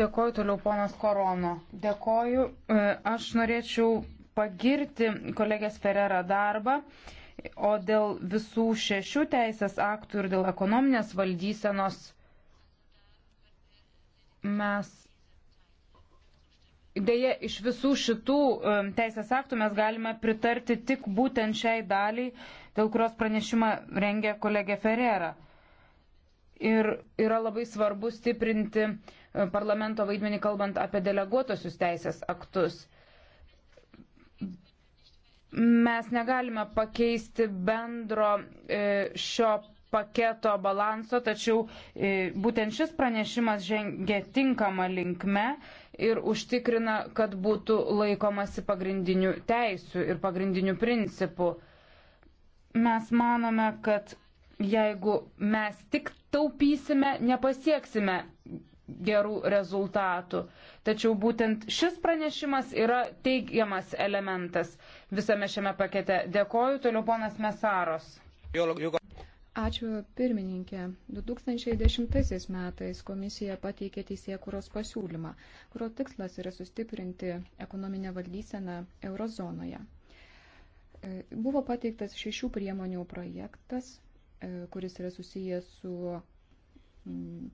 Dėkoju toliau, ponas Korono. Dėkoju. Aš norėčiau pagirti kolegės Ferrera darbą. O dėl visų šešių teisės aktų ir dėl ekonominės valdysenos mes Deja, iš visų šitų teisės aktų mes galime pritarti tik būtent šiai daliai, dėl kurios pranešimą rengė kolegė Ferrera. Ir yra labai svarbu stiprinti e, parlamento vaidmenį, kalbant apie deleguotosius teisės aktus. Mes negalime pakeisti bendro e, šio paketo balanso, tačiau e, būtent šis pranešimas žengia tinkamą linkme ir užtikrina, kad būtų laikomasi pagrindinių teisių ir pagrindinių principų. Mes manome, kad jeigu mes tik taupysime, nepasieksime gerų rezultatų. Tačiau būtent šis pranešimas yra teigiamas elementas visame šiame pakete. Dėkoju, toliau ponas Mesaros. Ačiū pirmininkė. 2010 metais komisija pateikė teisėkuros pasiūlymą, kurio tikslas yra sustiprinti ekonominę valdyseną eurozonoje. E, buvo pateiktas šešių priemonių projektas, e, kuris yra susijęs su mm,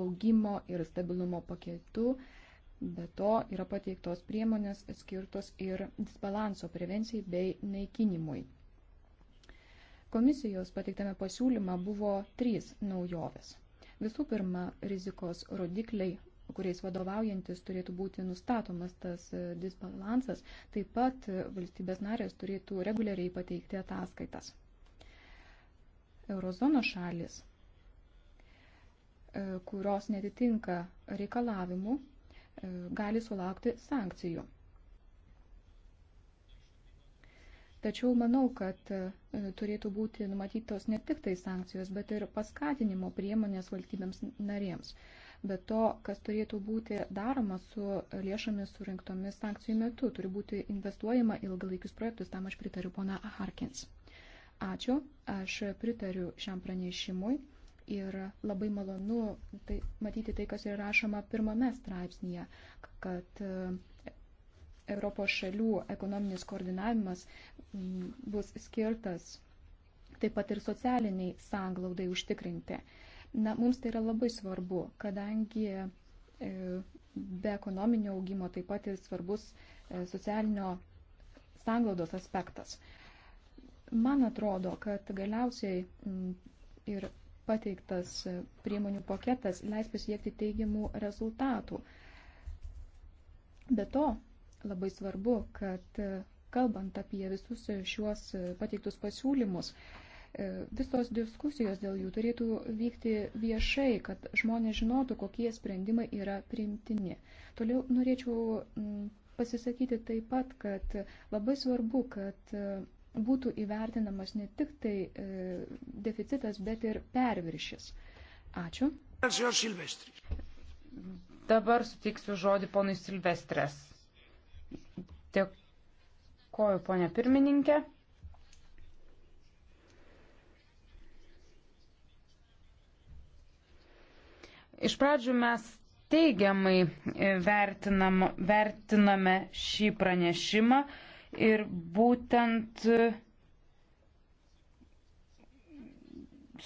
augimo ir stabilumo paketu. Be to yra pateiktos priemonės skirtos ir disbalanso prevencijai bei naikinimui. Komisijos pateiktame pasiūlyme buvo trys naujovės. Visų pirma, rizikos rodikliai, kuriais vadovaujantis turėtų būti nustatomas tas e, disbalansas, taip pat e, valstybės narės turėtų reguliariai pateikti ataskaitas. Eurozono šalis, e, kurios netitinka reikalavimų, gali sulaukti sankcijų. Tačiau manau, kad e, turėtų būti numatytos ne tik tai sankcijos, bet ir paskatinimo priemonės valstybėms narėms. Bet to, kas turėtų būti daroma su lėšomis surinktomis sankcijų metu, turi būti investuojama ilgalaikius projektus, tam aš pritariu pona Harkins. Ačiū, aš pritariu šiam pranešimui ir labai malonu tai, matyti tai, kas yra rašoma pirmame straipsnėje, kad uh, Europos šalių ekonominis koordinavimas mm, bus skirtas taip pat ir socialiniai sanglaudai užtikrinti. Na, mums tai yra labai svarbu, kadangi e, be ekonominio augimo taip pat ir svarbus e, socialinio sanglaudos aspektas. Man atrodo, kad galiausiai mm, ir pateiktas priemonių paketas leis pasiekti teigiamų rezultatų. Be to, Labai svarbu, kad e, kalbant apie visus šiuos e, pateiktus pasiūlymus, e, visos diskusijos dėl jų turėtų vykti viešai, kad žmonės žinotų, kokie sprendimai yra priimtini. Toliau norėčiau pasisakyti taip pat, kad labai svarbu, kad būtų įvertinamas ne tik tai deficitas, bet ir perviršis. Ačiū. Dabar sutiksiu žodį ponui Silvestres. Dėkoju, ponė pirmininkė. Iš pradžių mes teigiamai e, vertinam, vertiname šį pranešimą ir būtent e,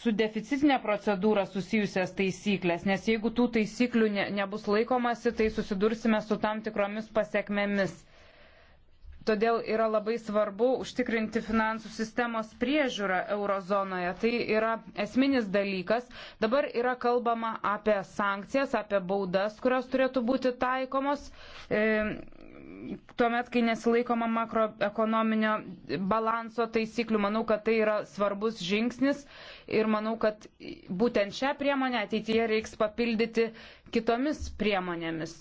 su deficitinė procedūra susijusias taisyklės, nes jeigu tų taisyklių ne, nebus laikomasi, tai susidursime su tam tikromis pasiekmėmis. Todėl yra labai svarbu užtikrinti finansų sistemos priežiūrą eurozonoje. Tai yra esminis dalykas. Dabar yra kalbama apie sankcijas, apie baudas, kurios turėtų būti taikomos. E, tuomet, kai nesilaikoma makroekonominio balanso taisyklių, manau, kad tai yra svarbus žingsnis ir manau, kad būtent šią priemonę ateityje reiks papildyti kitomis priemonėmis.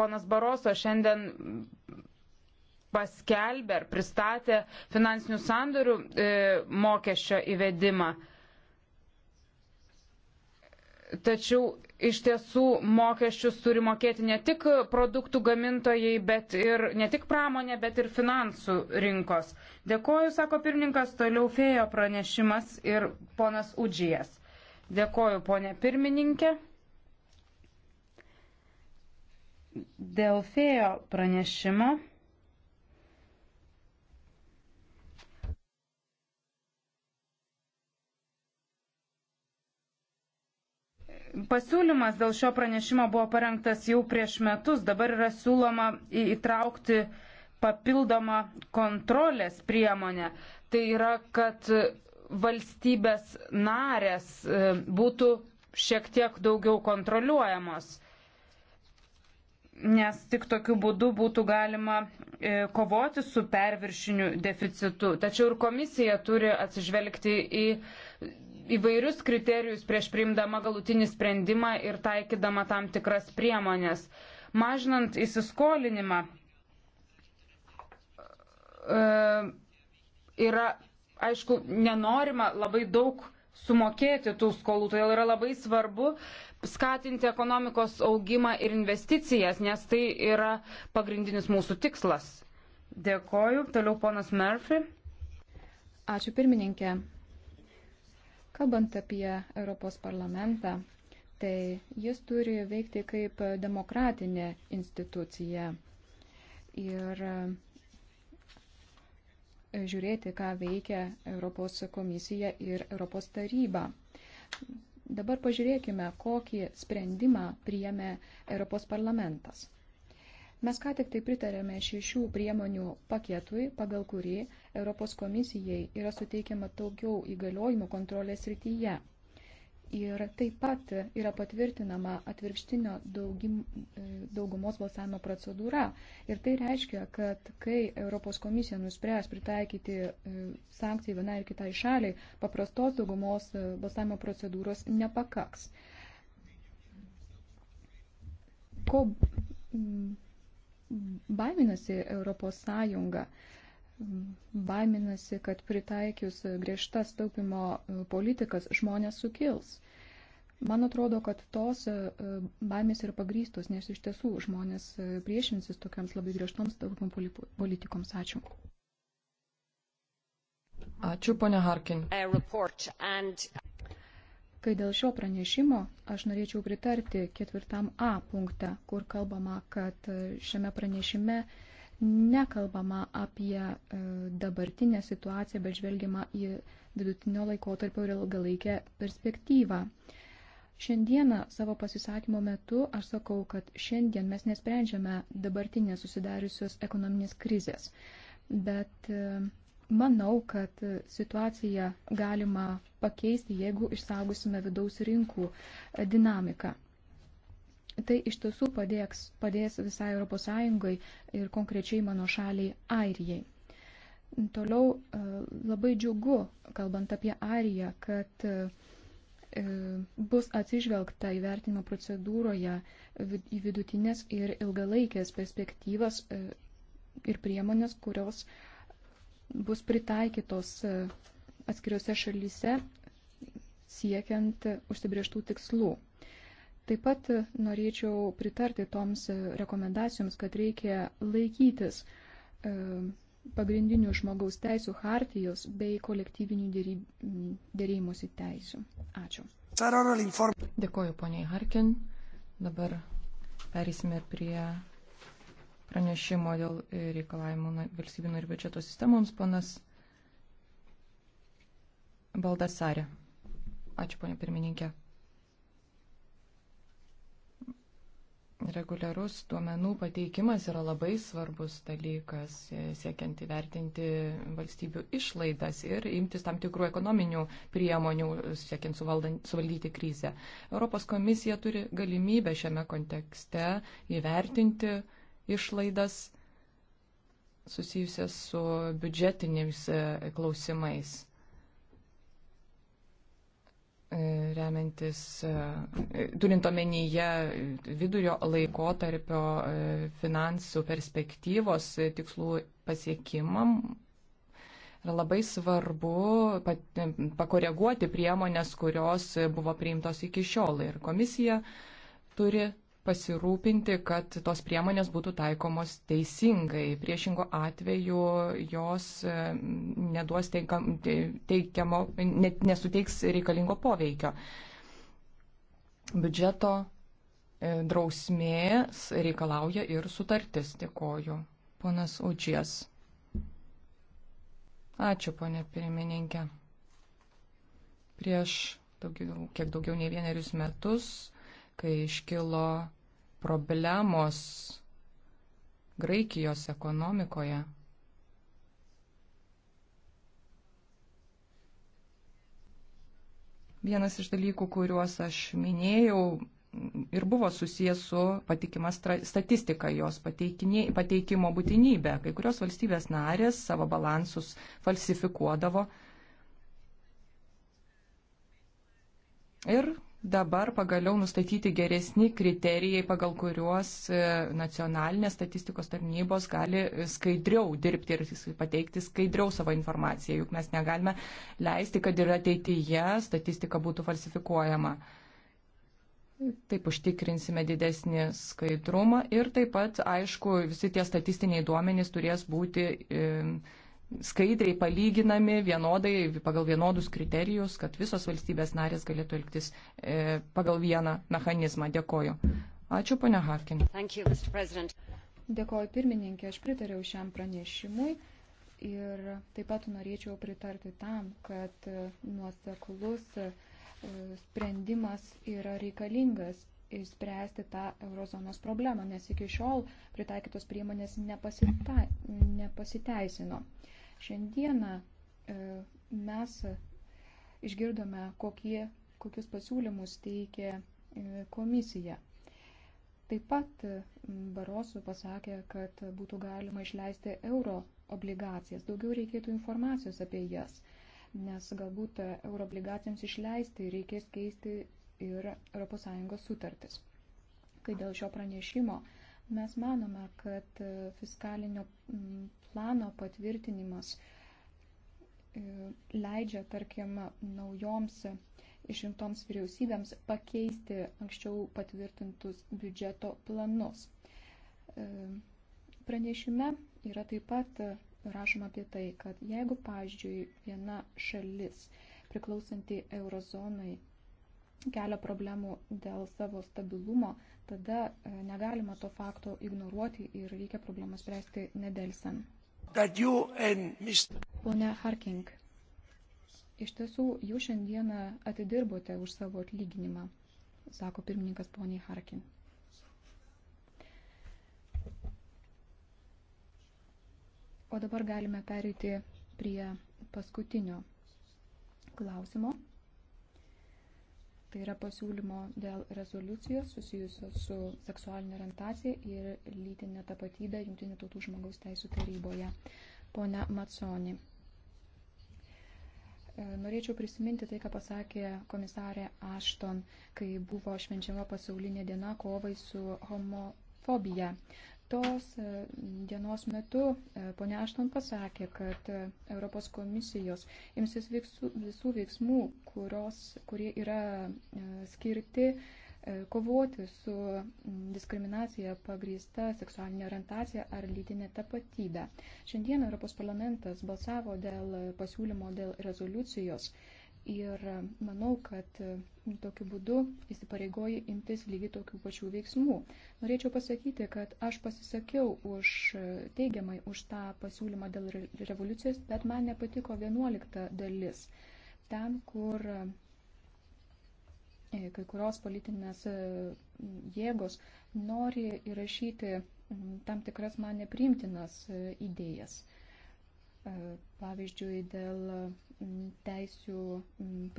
ponas Baroso šiandien paskelbė ar pristatė finansinių sandorių e, mokesčio įvedimą. Tačiau iš tiesų mokesčius turi mokėti ne tik produktų gamintojai, bet ir ne tik pramonė, bet ir finansų rinkos. Dėkoju, sako pirmininkas, toliau fėjo pranešimas ir ponas Udžijas. Dėkoju, ponė pirmininkė. Dėl fėjo pranešimo. Pasiūlymas dėl šio pranešimo buvo parengtas jau prieš metus, dabar yra siūloma įtraukti papildomą kontrolės priemonę. Tai yra, kad valstybės narės e, būtų šiek tiek daugiau kontroliuojamos nes tik tokiu būdu būtų galima e, kovoti su perviršiniu deficitu. Tačiau ir komisija turi atsižvelgti į įvairius kriterijus prieš priimdama galutinį sprendimą ir taikydama tam tikras priemonės. Mažinant įsiskolinimą e, yra, aišku, nenorima labai daug sumokėti tų skolų, todėl yra labai svarbu skatinti ekonomikos augimą ir investicijas, nes tai yra pagrindinis mūsų tikslas. Dėkoju. Toliau ponas Murphy. Ačiū pirmininkė. Kalbant apie Europos parlamentą, tai jis turi veikti kaip demokratinė institucija. Ir e, žiūrėti, ką veikia Europos komisija ir Europos taryba. Dabar pažiūrėkime, kokį sprendimą priėmė Europos parlamentas. Mes ką tik tai pritarėme šešių priemonių paketui, pagal kurį Europos komisijai yra suteikiama daugiau įgaliojimų kontrolės rytyje. Ir taip pat yra patvirtinama atvirkštinio daugim, e, daugumos balsavimo procedūra. Ir tai reiškia, kad kai Europos komisija nuspręs pritaikyti e, sankcijai vienai ir kitai šaliai, paprastos daugumos e, balsavimo procedūros nepakaks. Ko baiminasi Europos Sąjunga? baiminasi, kad pritaikius griežtas taupimo e, politikas žmonės sukils. Man atrodo, kad tos e, baimės yra pagrystos, nes iš tiesų žmonės e, priešinsis tokiams labai griežtoms taupimo politikoms. Ačiū. Ačiū, ponia Harkin. Kai dėl šio pranešimo aš norėčiau pritarti ketvirtam A punktą, kur kalbama, kad šiame pranešime uh, nekalbama apie e, dabartinę situaciją, bet žvelgiama į vidutinio laikotarpio ir ilgalaikę perspektyvą. Šiandieną savo pasisakymo metu aš sakau, kad šiandien mes nesprendžiame dabartinės susidariusios ekonominės krizės, bet e, manau, kad situaciją galima pakeisti, jeigu išsaugosime vidaus rinkų e, dinamiką. Tai iš tiesų padėks, padės visai ES ir konkrečiai mano šaliai Airijai. Toliau e, labai džiugu, kalbant apie Airiją, kad e, bus atsižvelgta įvertinimo procedūroje į vidutinės ir ilgalaikės perspektyvas e, ir priemonės, kurios bus pritaikytos atskiriuose šalyse siekiant užsibrieštų tikslų. Taip pat norėčiau pritarti toms rekomendacijoms, kad reikia laikytis e, pagrindinių žmogaus teisų hartijos bei kolektyvinių dėrėjimusi teisų. Ačiū. Dėkoju poniai Harkin. Dabar perėsime prie pranešimo dėl reikalavimų valstybinio ir biudžeto sistemoms, ponas Baldasarė. Ačiū, ponia pirmininkė. reguliarus duomenų pateikimas yra labai svarbus dalykas, siekiant įvertinti valstybių išlaidas ir imtis tam tikrų ekonominių priemonių, siekiant suvaldyti krizę. Europos komisija turi galimybę šiame kontekste įvertinti išlaidas susijusias su biudžetiniais klausimais. E, remiantis, e, turint omenyje vidurio laikotarpio e, finansų perspektyvos tikslų pasiekimam, yra labai svarbu pakoreguoti priemonės, kurios buvo priimtos iki šiol. Ir komisija turi pasirūpinti, kad tos priemonės būtų taikomos teisingai. Priešingo atveju jos e, neduos teikam, teikiamo, net nesuteiks reikalingo poveikio. Biudžeto e, drausmės reikalauja ir sutartis. Dėkoju. Ponas Učias. Ačiū, ponė pirmininkė. Prieš daugiau, kiek daugiau nei vienerius metus kai iškilo problemos Graikijos ekonomikoje. Vienas iš dalykų, kuriuos aš minėjau, ir buvo susijęs su patikima statistika, jos pateikimo būtinybė. Kai kurios valstybės narės savo balansus falsifikuodavo. Ir dabar pagaliau nustatyti geresni kriterijai, pagal kuriuos e, nacionalinės statistikos tarnybos gali skaidriau dirbti ir pateikti skaidriau savo informaciją, juk mes negalime leisti, kad ir ateityje statistika būtų falsifikuojama. Taip užtikrinsime didesnį skaidrumą ir taip pat, aišku, visi tie statistiniai duomenys turės būti. E, skaidriai palyginami vienodai, pagal vienodus kriterijus, kad visos valstybės narės galėtų elgtis e, pagal vieną mechanizmą. Dėkoju. Ačiū, ponia Harkin. Dėkoju, pirmininkė, aš pritariau šiam pranešimui ir taip pat norėčiau pritarti tam, kad e, nuoseklus e, sprendimas yra reikalingas įspręsti tą eurozonos problemą, nes iki šiol pritaikytos priemonės nepasita, nepasiteisino. Uh, Šiandieną e, mes išgirdome, kokie, kokius pasiūlymus teikė e, komisija. Taip pat e, Barosu pasakė, kad būtų galima išleisti euro obligacijas. Daugiau reikėtų informacijos apie jas, nes galbūt euro obligacijoms išleisti reikės keisti ir ES sutartis. Kai dėl šio pranešimo mes manome, kad fiskalinio plano patvirtinimas e, leidžia, tarkim, naujoms išrinktoms vyriausybėms pakeisti anksčiau patvirtintus biudžeto planus. E, pranešime yra taip pat rašoma apie tai, kad jeigu, pavyzdžiui, viena šalis priklausanti eurozonai kelia problemų dėl savo stabilumo, tada e, negalima to fakto ignoruoti ir reikia problemą spręsti nedelsiant. Pone Harking, iš tiesų jūs šiandieną atidirbote už savo atlyginimą, sako pirmininkas poniai Harking. O dabar galime pereiti prie paskutinio klausimo. Tai yra pasiūlymo dėl rezoliucijos susijusios su seksualinė orientacija ir lytinė tapatybė Junktinių tautų žmogaus teisų taryboje. Pone Matsoni. E, norėčiau prisiminti tai, ką pasakė komisarė Ashton, kai buvo švenčiama pasaulinė diena kovai su homofobija tos e, dienos metu e, ponia Ašton pasakė, kad e, Europos komisijos imsis visų, visų veiksmų, kurios, kurie yra skirti kovoti su diskriminacija pagrįsta seksualinė orientacija ar lytinė tapatybė. Šiandien Europos parlamentas balsavo dėl pasiūlymo dėl rezoliucijos Ir e, manau, kad e, tokiu būdu įsipareigoji imtis lygiai tokių pačių veiksmų. Norėčiau pasakyti, kad aš pasisakiau už e, teigiamai už tą pasiūlymą dėl revoliucijos, bet man nepatiko 11 dalis. Ten, kur kai kurios politinės jėgos nori įrašyti tam tikras man nepriimtinas idėjas. E, pavyzdžiui, dėl teisių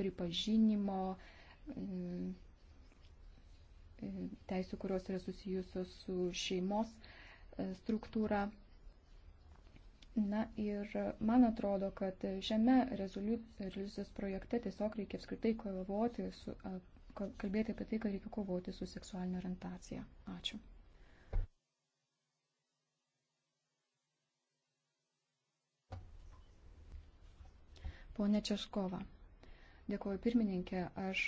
pripažinimo, e, e, teisių, kurios yra susijusios su šeimos struktūra. Na ir man atrodo, kad šiame rezoliucijos projekte tiesiog reikia apskritai kovoti su, kalbėti apie tai, kad reikia kovoti su seksualinė orientacija. Ačiū. Pone Českova. Dėkuoju pirmininkė, aš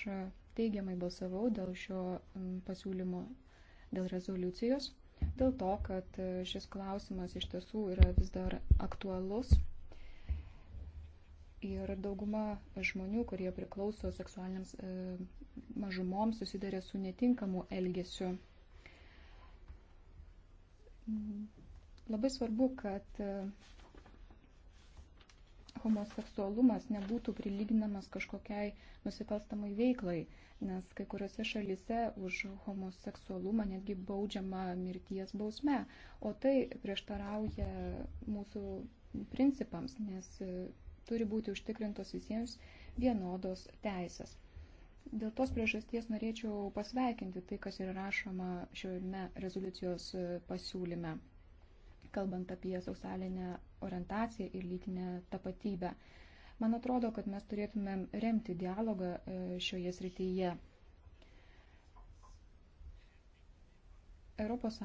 teigiamai balsavau dėl šio pasiūlymo, dėl rezoliucijos, dėl to, kad e, šis klausimas iš tiesų yra vis dar aktualus. Ir dauguma žmonių, kurie priklauso seksualiniams e, mažumoms, susidarė su netinkamu elgesiu. Labai svarbu, kad e, homoseksualumas nebūtų prilyginamas kažkokiai nusikalstamai veiklai, nes kai kuriuose šalise už homoseksualumą netgi baudžiama mirties bausme, o tai prieštarauja mūsų principams, nes e, turi būti užtikrintos visiems vienodos teisės. Dėl tos priežasties norėčiau pasveikinti tai, kas yra rašoma šiame rezoliucijos e, pasiūlyme kalbant apie seksualinę orientaciją ir lytinę tapatybę. Man atrodo, kad mes turėtumėm remti dialogą e, šioje srityje. ES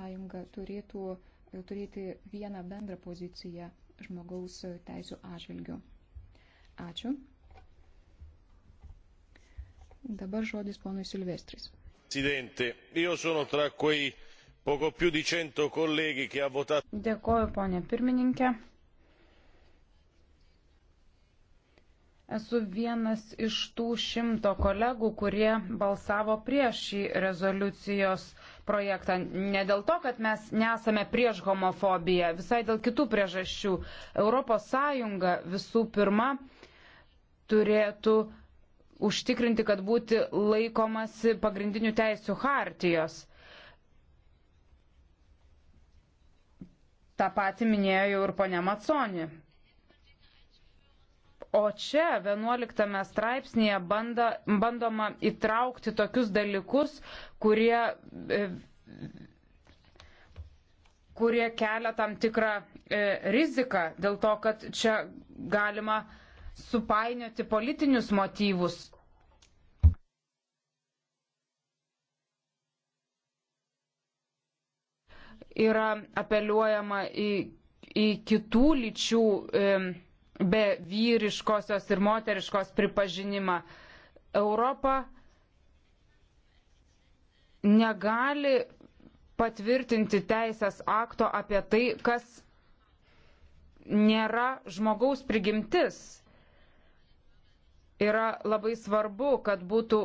turėtų e, turėti vieną bendrą poziciją žmogaus teisų atžvilgių. Ačiū. Dabar žodis ponui Silvestris. Presidente, io sono tra quei poco più di 100 colleghi che ha votato. Dėkoju, ponė pirmininkė. Esu vienas iš tų šimto kolegų, kurie balsavo prieš šį rezoliucijos projektą. Ne dėl to, kad mes nesame prieš homofobiją, visai dėl kitų priežasčių. ES visų pirma turėtų užtikrinti, kad būti laikomasi pagrindinių teisų hartijos. Ta pati minėjo jau ir ponia Maconi. O čia 11 straipsnėje banda, bandoma įtraukti tokius dalykus, kurie, e, kurie kelia tam tikrą e, riziką dėl to, kad čia galima supainioti politinius motyvus yra apeliuojama į, į kitų lyčių be vyriškosios ir moteriškos pripažinimą. Europa negali patvirtinti teisės akto apie tai, kas nėra žmogaus prigimtis. Yra labai svarbu, kad būtų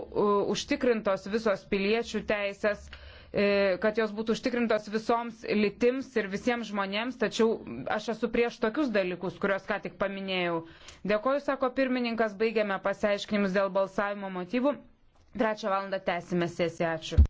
užtikrintos visos piliečių teisės, E, kad jos būtų užtikrintos visoms litims ir visiems žmonėms, tačiau aš esu prieš tokius dalykus, kuriuos ką tik paminėjau. Dėkoju, sako pirmininkas, baigiame pasiaiškinimus dėl balsavimo motyvų. Trečią valandą tęsime sesiją. Ačiū.